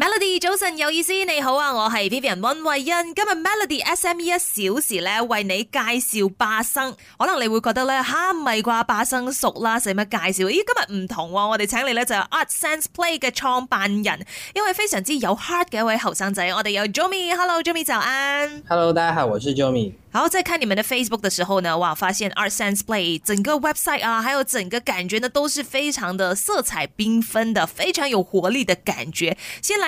Melody 早晨有意思，你好啊，我係 Vivian 溫慧欣。今日 Melody S M E 一小時咧，為你介紹巴生。可能你會覺得咧哈唔係啩？巴生熟啦，使乜介紹？咦，今日唔同、啊，我哋請嚟咧就係、是、Art Sense Play 嘅創辦人，因為一位非常之有 heart 嘅一位後生仔。我哋有 Joey，Hello Joey，早安。Hello，大家好，我是 Joey。好，在看你們的 Facebook 的時候呢，哇，發現 Art Sense Play 整個 website 啊，還有整個感覺呢，都是非常的色彩繽紛的，非常有活力的感覺。先來。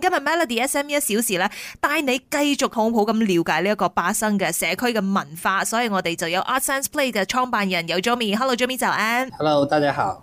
今日 Melody S M E 一小時咧，帶你繼續好好咁了解呢一個巴生嘅社區嘅文化，所以我哋就有 Art Sense Play 嘅創辦人有 Joey，Hello Jo，早安，Hello 大家好。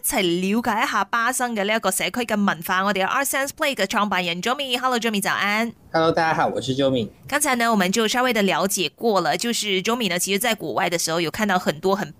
一起了解一下巴生嘅呢個社區嘅文化。我哋嘅 Art Sense Play 嘅創辦人 Jomy，Hello Jomy 早安。Hello 大家好，我是 Jomy。剛才呢，我們就稍微的了解過了，就是 Jomy 呢，其實在國外的時候，有看到很多很，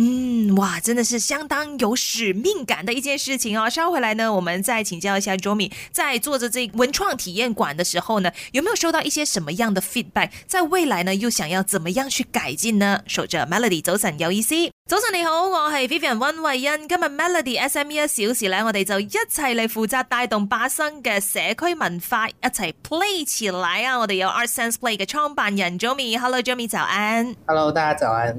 嗯，哇，真的是相當有使命感的一件事情哦。稍回來呢，我們再請教一下 Jomy 在做着這文創體驗館的時候呢，有沒有收到一些什麼樣的 feedback？在未來呢，又想要怎麼樣去改進呢？守着 Melody 早晨有意思。早晨你好，我係 Vivian 溫慧欣。今日 Melody SME 一小時呢，我哋就一齊嚟負責帶動巴生嘅社區文化，一齊 play 起來啊！我哋有 Art Sense Play 嘅創辦人 Jomy。Hello Jomy，早安。Hello，大家早安。